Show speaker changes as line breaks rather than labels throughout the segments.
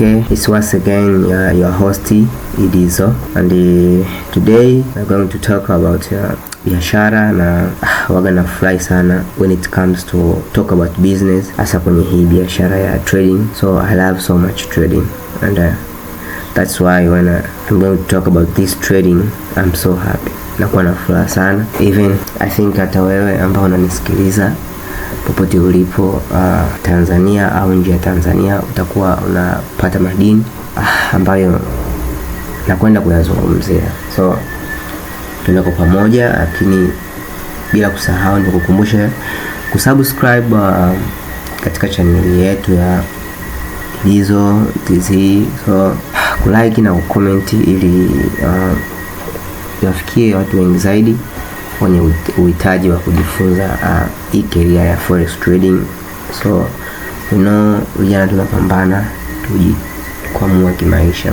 Okay, it's once again uh, your host Idizo and uh, today we're going to talk about uh, biashara na uh, waga na fly sana when it comes to talk about business, hasa kwenye hii biashara ya trading. So I love so much trading and uh, that's why when uh, I'm going to talk about this trading I'm so happy, nakuwa na furaha sana even I think hata wewe ambao unanisikiliza popote ulipo uh, Tanzania au nje ya Tanzania, utakuwa unapata madini uh, ambayo nakwenda kuyazungumzia, so kwa pamoja, lakini bila kusahau ni kukumbusha kusubscribe uh, katika chaneli yetu ya Dizo TZ, so kulike na kukomenti ili uh, yafikie watu wengi zaidi wenye uhitaji wa kujifunza uh, hii career ya forex trading so you know vijana tunapambana tujikwamua kimaisha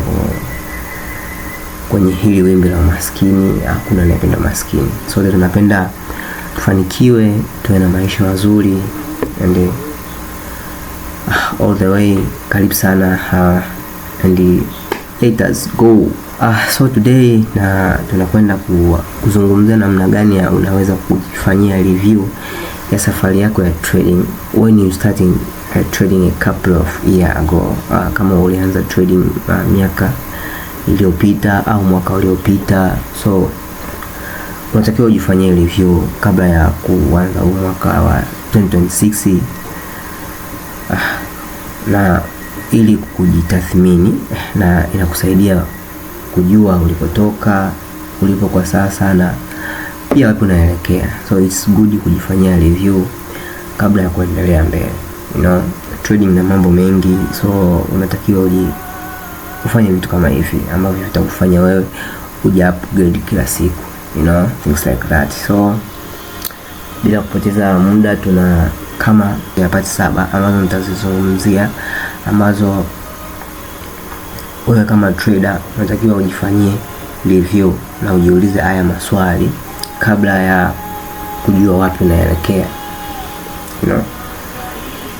kwenye hili wimbi la umaskini hakuna anayependa maskini sote tunapenda tufanikiwe tuwe na maisha mazuri and uh, all the way karibu sana uh, and uh, let us go Uh, so today na tunakwenda ku, kuzungumzia namna gani ya unaweza kujifanyia review ya safari yako ya trading when you starting uh, trading a couple of year ago. Uh, kama ulianza trading uh, miaka iliyopita au mwaka uliopita, so unatakiwa ujifanyie review kabla ya kuanza huu mwaka wa 2026 uh, na ili kujitathmini na inakusaidia kujua ulipotoka, ulipo kwa sasa na pia wapi unaelekea. So it's good kujifanyia review kabla ya kuendelea mbele. You know, trading na mambo mengi, so unatakiwa uji ufanye vitu kama hivi ambavyo vitakufanya wewe uja upgrade kila siku, you know, things like that. So bila kupoteza muda, tuna kama ya pati saba ambazo nitazizungumzia ambazo wewe kama trader unatakiwa ujifanyie review na ujiulize haya maswali kabla ya kujua wapi unaelekea you know?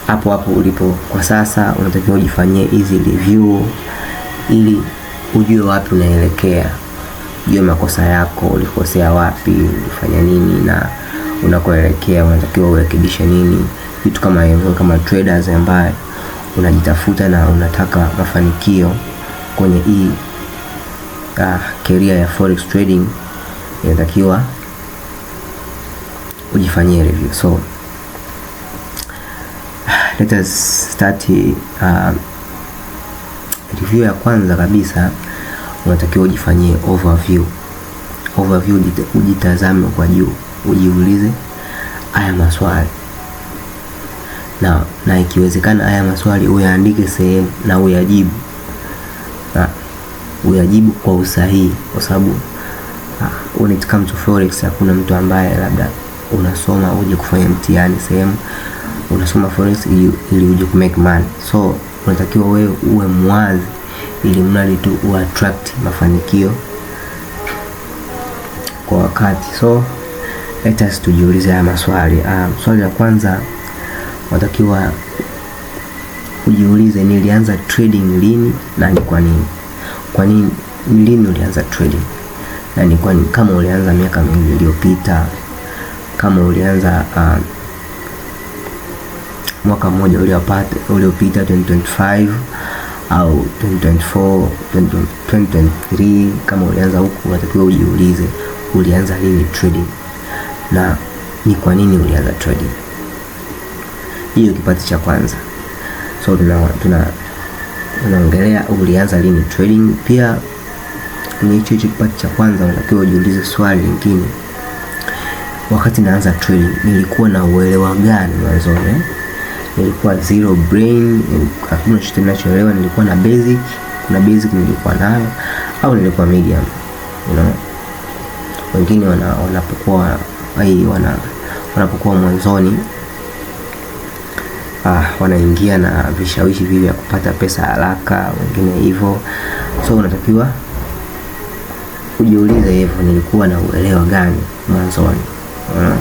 hapo hapo ulipo kwa sasa unatakiwa ujifanyie hizi review ili ujue wapi unaelekea, jue makosa yako, ulikosea wapi, ulifanya nini na unakoelekea unatakiwa urekebishe nini, vitu kama hivyo, kama traders ambaye unajitafuta na unataka mafanikio kwenye hii uh, career ya forex trading inatakiwa ujifanyie review. So let us start uh, review ya kwanza kabisa unatakiwa ujifanyie overview. Overview, ujitazame kwa juu, ujiulize haya maswali na, na ikiwezekana haya maswali uyaandike sehemu na uyajibu unataka uyajibu kwa usahihi, kwa sababu when it comes to forex hakuna mtu ambaye labda unasoma uje kufanya mtihani sehemu unasoma forex ili, ili uje ku make money. So unatakiwa wewe uwe mwazi, ili mradi tu u attract mafanikio kwa wakati. So let us tujiulize haya maswali. Uh, swali la kwanza unatakiwa ujiulize nilianza trading lini na ni kwa nini. Kwa nini lini ulianza trading? Na ni kwa nini? Kama ulianza miaka mingi iliyopita, kama ulianza uh, mwaka mmoja uliopata uliopita 2025 au 2024, 2023, kama ulianza huku, unatakiwa ujiulize ulianza lini trading na ni kwa nini ulianza trading. Hiyo kipati cha kwanza so tuna tuna tunaongelea ulianza lini trading. Pia ni hicho hicho kipati cha kwanza, unatakiwa ujiulize swali lingine, wakati naanza trading nilikuwa na uelewa gani mwanzoni? Nilikuwa zero brain, hakuna chochote ninachoelewa. Nilikuwa na basic, kuna basic nilikuwa nayo au nilikuwa medium, you know. Wengine wanapokuwa wanapokuwa mwanzoni ah, wanaingia na vishawishi vile vya kupata pesa haraka, wengine hivyo. So unatakiwa ujiulize hivyo, nilikuwa na uelewa gani mwanzoni? hmm.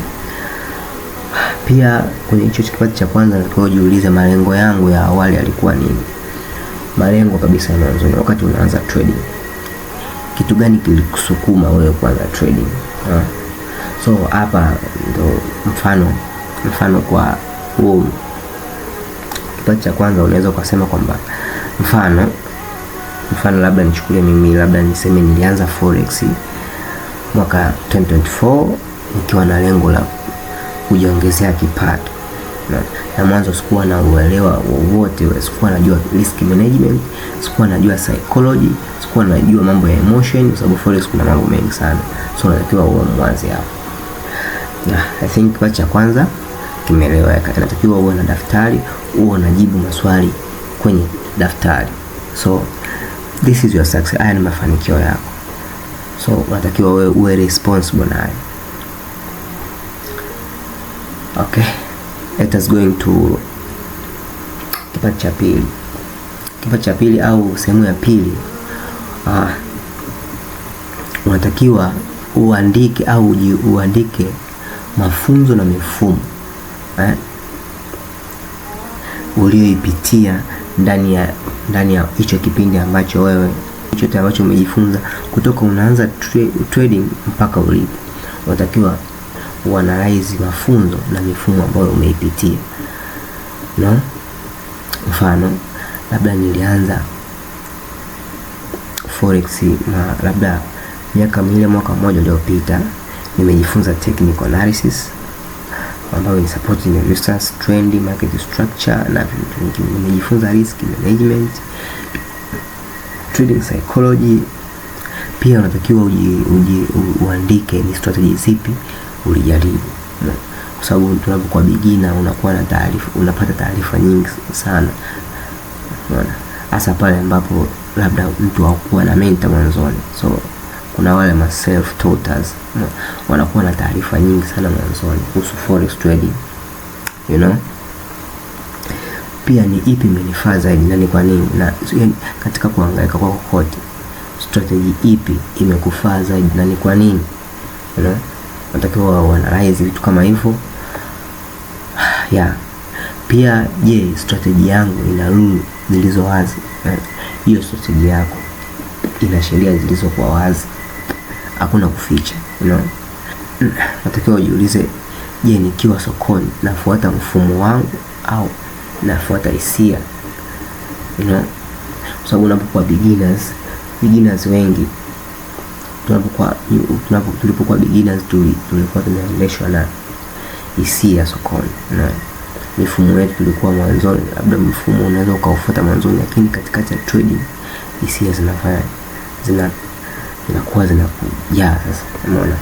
pia kwenye hicho kipati cha kwanza nilikuwa ujiulize malengo yangu ya awali yalikuwa nini? Malengo kabisa ya mwanzoni, wakati unaanza trading, kitu gani kilikusukuma wewe kuanza trading? hmm. so hapa ndo mfano mfano kwa huo um, Kipato cha kwanza unaweza ukasema kwamba mfano mfano labda nichukulie mimi labda niseme nilianza forex mwaka 2024 nikiwa na lengo la kujiongezea kipato na, na mwanzo sikuwa na uelewa wowote, sikuwa najua risk management, sikuwa najua psychology, sikuwa najua mambo ya emotion, kwa sababu forex kuna mambo mengi sana, so natakiwa uwe mwanze hapo. Yeah, I think kipato cha kwanza kimeleweka. Inatakiwa uwe na daftari, uwe unajibu maswali kwenye daftari. So this is your success. Haya ni mafanikio yako, so unatakiwa uwe, uwe responsible nayo. Okay, let us going to kipati cha pili. kipati cha pili au sehemu ya pili, ah, unatakiwa uandike au uandike mafunzo na mifumo eh, ulioipitia ndani ya ndani ya hicho kipindi ambacho wewe chote ambacho umejifunza kutoka unaanza tra trading mpaka ulipo, unatakiwa uanalizi mafunzo na mifumo ambayo umeipitia no? Mfano, labda nilianza forex na labda miaka miwili mwaka mmoja uliopita, nimejifunza technical analysis ambayo ni support and resistance, trend, market structure na vitu vingine. Nimejifunza risk management, trading psychology. Pia unatakiwa uji, uji, uandike ni strategy zipi ulijaribu kwa sababu tunapokuwa bigina unakuwa na taarifa, unapata taarifa nyingi sana, unaona hasa pale ambapo labda mtu hakuwa na mentor mwanzoni so kuna wale ma self tutors wanakuwa na taarifa nyingi sana mwanzoni kuhusu forex trading you know pia ni ipi imenifaa zaidi na ni kwa nini na katika kuhangaika kwako kote strategy ipi imekufaa zaidi na ni kwa nini you know? natakiwa uanalyze vitu kama hivyo yeah. pia je strategy yangu ina rule zilizo wazi eh, hiyo strategy yako ina sheria zilizokuwa wazi hakuna kuficha, unaona. Natakiwa ujiulize, je, nikiwa sokoni nafuata mfumo wangu au nafuata hisia? Unaona, kwa sababu unapokuwa beginners, beginners wengi tunapokuwa tulipokuwa beginners tulikuwa tunaendeshwa na hisia sokoni, na mifumo yetu tulikuwa mwanzoni, labda mfumo unaweza ukaufuata mwanzoni, lakini katikati ya trading hisia zinafanya zina zinakuwa zinakujaa sasa, umeona?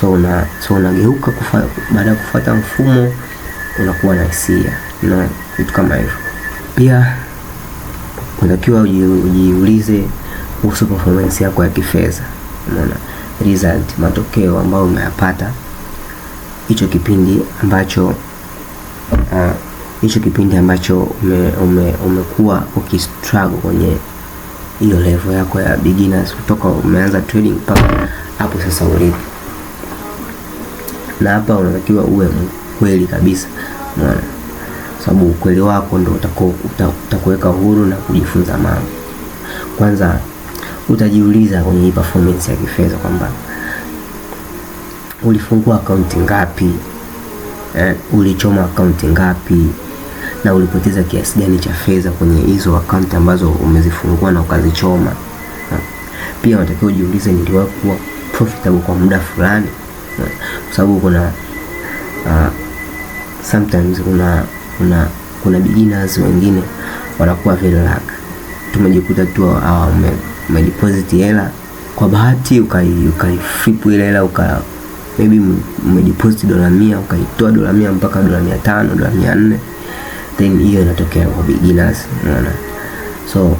So una so unageuka baada ya kufuata mfumo unakuwa na hisia na vitu kama hivyo. Pia unatakiwa ujiulize kuhusu performance yako ya kifedha, umeona, result, matokeo ambayo umeyapata hicho kipindi ambacho ah, hicho uh, kipindi ambacho umekuwa ume, ume, ukistruggle kwenye hiyo level yako ya beginners kutoka umeanza trading mpaka hapo sasa ulipo. Na hapa unatakiwa uwe mkweli kabisa, unaona, sababu ukweli wako ndio utakuweka huru na kujifunza mambo. Kwanza utajiuliza kwenye hii performance ya kifedha kwamba ulifungua akaunti ngapi? Eh, ulichoma akaunti ngapi? na ulipoteza kiasi gani cha fedha kwenye hizo akaunti ambazo umezifungua na ukazichoma. Pia unatakiwa ujiulize, niliwahi kuwa profitable kwa muda fulani? Kwa sababu kuna uh, sometimes kuna kuna kuna beginners wengine wanakuwa very luck, tumejikuta tu uh, umedeposit hela kwa bahati ukaiflipu ukai ile hela uka maybe umedeposit dola mia ukaitoa dola mia mpaka dola mia tano dola mia nne then hiyo inatokea kwa beginners, unaona. So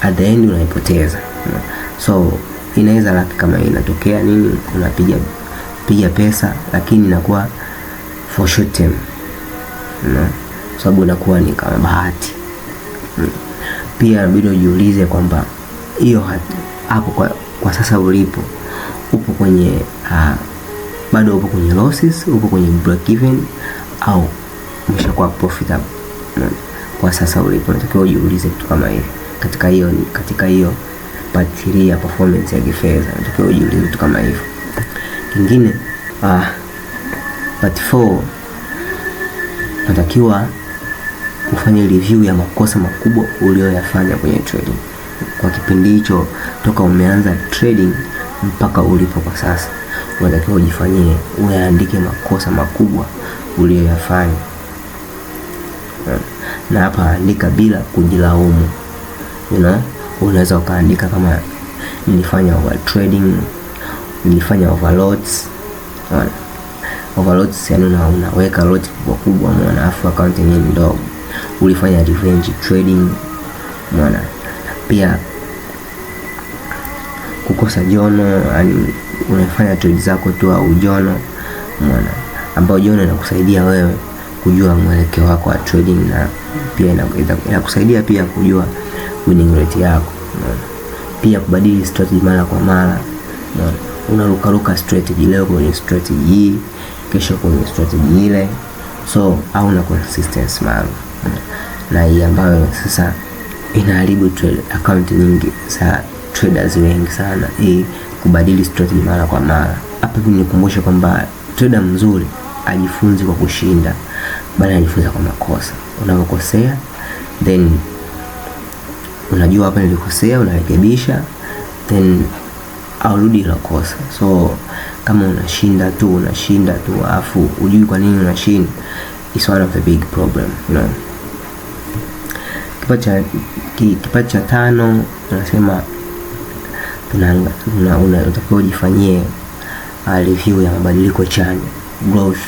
at the end unaipoteza, So inaweza laki kama inatokea nini, unapiga piga pesa, lakini inakuwa for short term, no? sababu inakuwa ni kama bahati. Pia inabidi ujiulize kwamba hiyo hapo kwa, kwa sasa ulipo upo kwenye uh, bado upo kwenye losses, upo kwenye break even au umeshakuwa profitable. Kwa sasa ulipo unatakiwa ujiulize kitu kama hivi. Katika hiyo katika hiyo part ya performance ya kifedha unatakiwa ujiulize kitu kama hivyo. Kingine ah, part 4 unatakiwa ufanye review ya makosa makubwa uliyoyafanya kwenye trading kwa kipindi hicho toka umeanza trading mpaka ulipo kwa sasa, unatakiwa ujifanyie, uyaandike makosa makubwa uliyoyafanya na hapa andika bila kujilaumu. You know, unaweza ukaandika kama nilifanya over trading, nilifanya overloads. Unaona, overloads yani una, unaweka lot kubwa kubwa mwana, afu account ni ndogo. Ulifanya revenge trading mwana, pia kukosa jono, yani unafanya trade zako tu au jono mwana, ambao jono inakusaidia wewe kujua mwelekeo wako wa trading na pia inakusaidia pia kujua winning rate yako, unaona. Pia kubadili strategy mara kwa mara, unaona. Unarukaruka strategy leo kwenye strategy hii, kesho kwenye strategy ile, so au na consistency maalum, na hii ambayo sasa inaharibu trade account nyingi za traders wengi sana, hii kubadili strategy mara kwa mara. Hapa nikumbushe kwamba trader mzuri ajifunzi kwa kushinda bali najifunza kwa makosa. Unavyokosea then unajua hapa nilikosea, unarekebisha then aurudi ilo kosa. So kama unashinda tu unashinda tu afu ujui kwa nini unashinda, is one of the big problem you know. Kipaji cha tano unasema unatakiwa ujifanyie uh, review ya mabadiliko chanya growth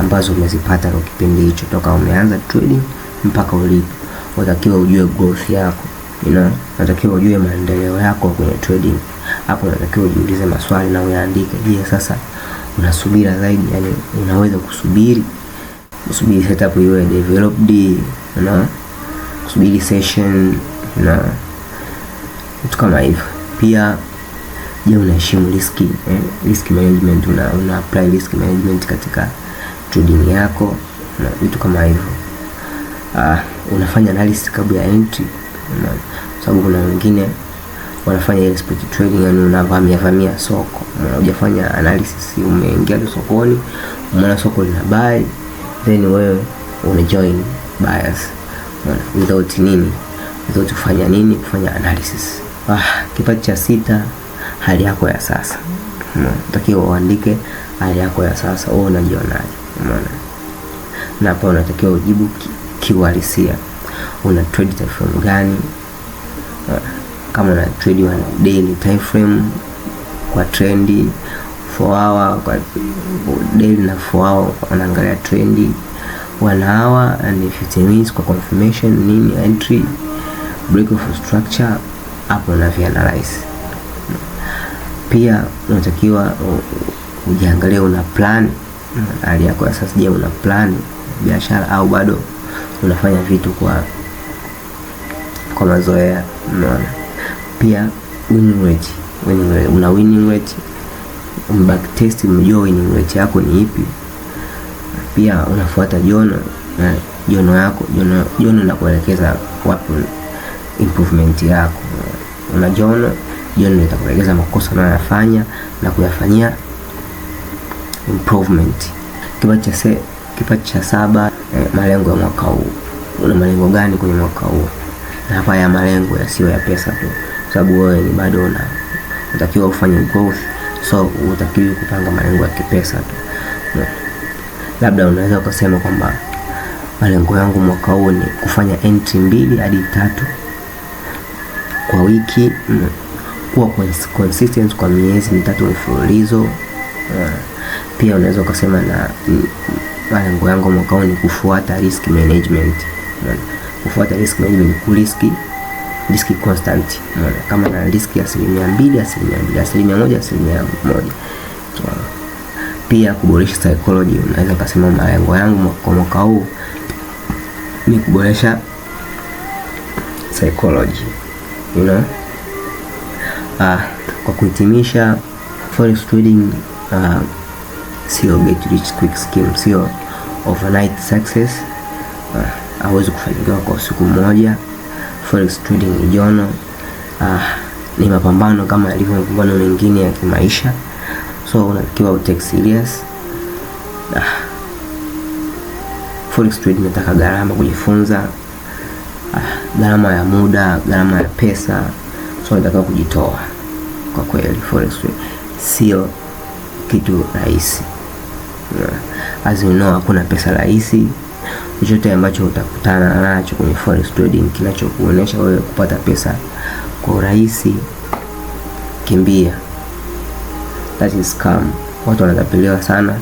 ambazo umezipata kwa kipindi hicho toka umeanza trading mpaka ulipo. Unatakiwa ujue growth yako, you know, unatakiwa ujue maendeleo yako kwenye trading. Hapo unatakiwa ujiulize maswali na uyaandike. Je, sasa unasubira zaidi? Yani unaweza kusubiri kusubiri setup iwe developed, you know, kusubiri session na vitu kama hivyo. Pia je, unaheshimu risk eh? Risk management una, una apply risk management katika tu dini yako na vitu kama hivyo. Uh, unafanya analysis kabla ya entry sababu kuna wengine wanafanya ile spot trading, yani unavamia vamia soko, hujafanya analysis, umeingia tu sokoni, umeona soko lina buy, then wewe una join buyers without nini, without kufanya nini, kufanya analysis. Ah, kipati cha sita, hali yako ya sasa. Unatakiwa uandike hali yako ya sasa, wewe unajionaje? umeona. Na hapa unatakiwa ujibu kiuhalisia, una trade time frame gani? Kama una trade one daily time frame kwa trendi, 4 hour kwa daily na 4 hour unaangalia trendi, 1 hour and 15 minutes kwa confirmation nini, entry break of structure, hapo na unavyo analyze. Pia unatakiwa ujiangalie una plan hali yako ya sasa. Je, una plani biashara au bado unafanya vitu kwa kwa mazoea? Unaona, pia winning rate, winning rate, una winning rate, back test, mjua winning rate yako ni ipi. Pia unafuata jono na jono yako, jono jono inakuelekeza wapi improvement yako. Una jono jono itakuelekeza makosa unayofanya na kuyafanyia improvement. Kipato cha saba eh, malengo ya mwaka huu. Una malengo gani kwenye mwaka huu? Na hapa ya malengo yasiyo ya pesa tu, sababu wewe ni bado una unatakiwa ufanye growth, so unatakiwa kupanga malengo ya kipesa tu no. Labda unaweza ukasema kwamba malengo yangu mwaka huu ni kufanya entry mbili hadi tatu kwa wiki, mm, kuwa consistent kwa miezi mitatu mfululizo. Eh, pia unaweza ukasema na malengo yangu mwaka huu ni kufuata risk management, mwana. kufuata risk management, ku risk risk constant, mwana. kama na risk ya asilimia mbili, asilimia mbili, asilimia moja, asilimia moja. Pia kuboresha psychology, unaweza ukasema malengo yangu kwa mwaka huu ni kuboresha psychology you know? Ah, kwa kuhitimisha forex trading uh, sio get rich quick scheme, sio overnight success. Uh, ah, awezi kufanikiwa kwa siku moja. Forex trading ni jono, uh, ni mapambano kama yalivyo mapambano mengine ya kimaisha, so unatakiwa utake serious. Uh, forex trading inataka gharama kujifunza, uh, gharama ya muda, gharama ya pesa, so unatakiwa kujitoa. Kwa kweli forex trading sio kitu rahisi as you know, hakuna pesa rahisi. Chochote ambacho utakutana nacho kwenye forex trading kinachokuonesha wewe kupata pesa kwa urahisi, kimbia. That is scam. Watu wanatapeliwa sana,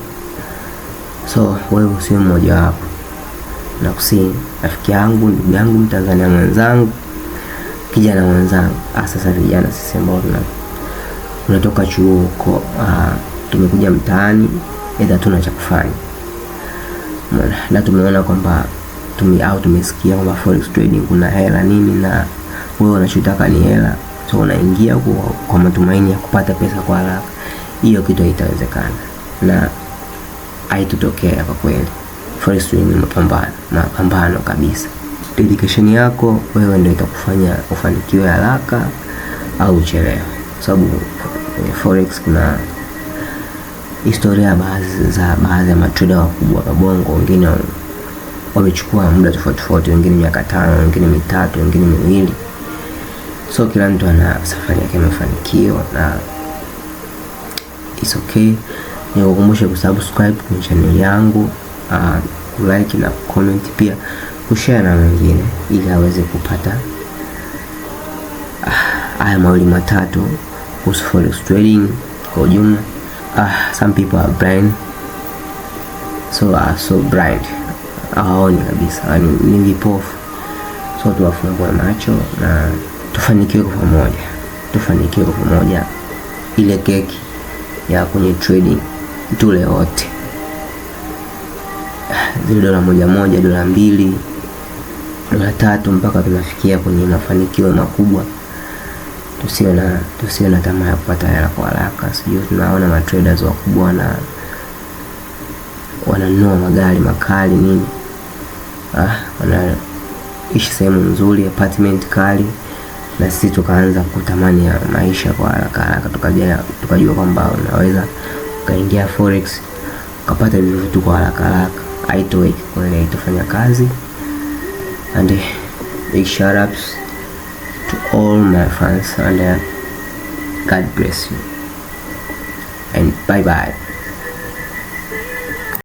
so wewe usiwe mmoja wapo. Na kusii rafiki yangu, ndugu yangu, mtanzania mwenzangu, kijana mwenzangu, ah, sasa vijana sisi ambao tunatoka chuo huko, uh, tumekuja mtaani aidha hatuna cha kufanya. Na tumeona kwamba tumi au tumesikia kwamba forex trading kuna hela nini, na wewe unachotaka ni hela, so unaingia kwa, kwa matumaini ya kupata pesa kwa haraka. Hiyo kitu haitawezekana na haitotokea kwa kweli. Forex trading ni mapambano, mapambano kabisa. Dedication yako wewe ndio itakufanya ufanikiwe haraka au uchelewe, kwa sababu eh, forex kuna historia baadhi za baadhi ya matrader wakubwa mabongo, wengine wamechukua muda tofauti tofauti, wengine miaka tano, wengine mitatu, wengine miwili. So kila mtu ana safari yake ya mafanikio na it's okay. Nikukumbushe kusubscribe kwenye channel yangu, uh, like na comment pia kushare na wengine ili aweze kupata ah, haya mawili matatu kuhusu forex trading kwa ujumla uh, some people are blind so uh, so blind hawaoni kabisa, yaani ni vipofu. So tuwafungue macho na tufanikiwe kwa pamoja, tufanikiwe kwa pamoja ile keki ya kwenye trading tule wote, zile dola moja moja, dola mbili, dola tatu, mpaka tunafikia kwenye mafanikio makubwa tusio na tusio na tamaa ya kupata hela kwa haraka. Sijui tunaona matraders wakubwa na wananunua magari makali nini, ah, wanaishi sehemu nzuri apartment kali, na sisi tukaanza kutamani ya maisha kwa haraka haraka, tukajua tukajua kwamba unaweza ukaingia forex ukapata hivyo vitu kwa haraka haraka. Haitoweki ile itofanya kazi and big eh, sharps to all my fans and uh, God bless you and bye bye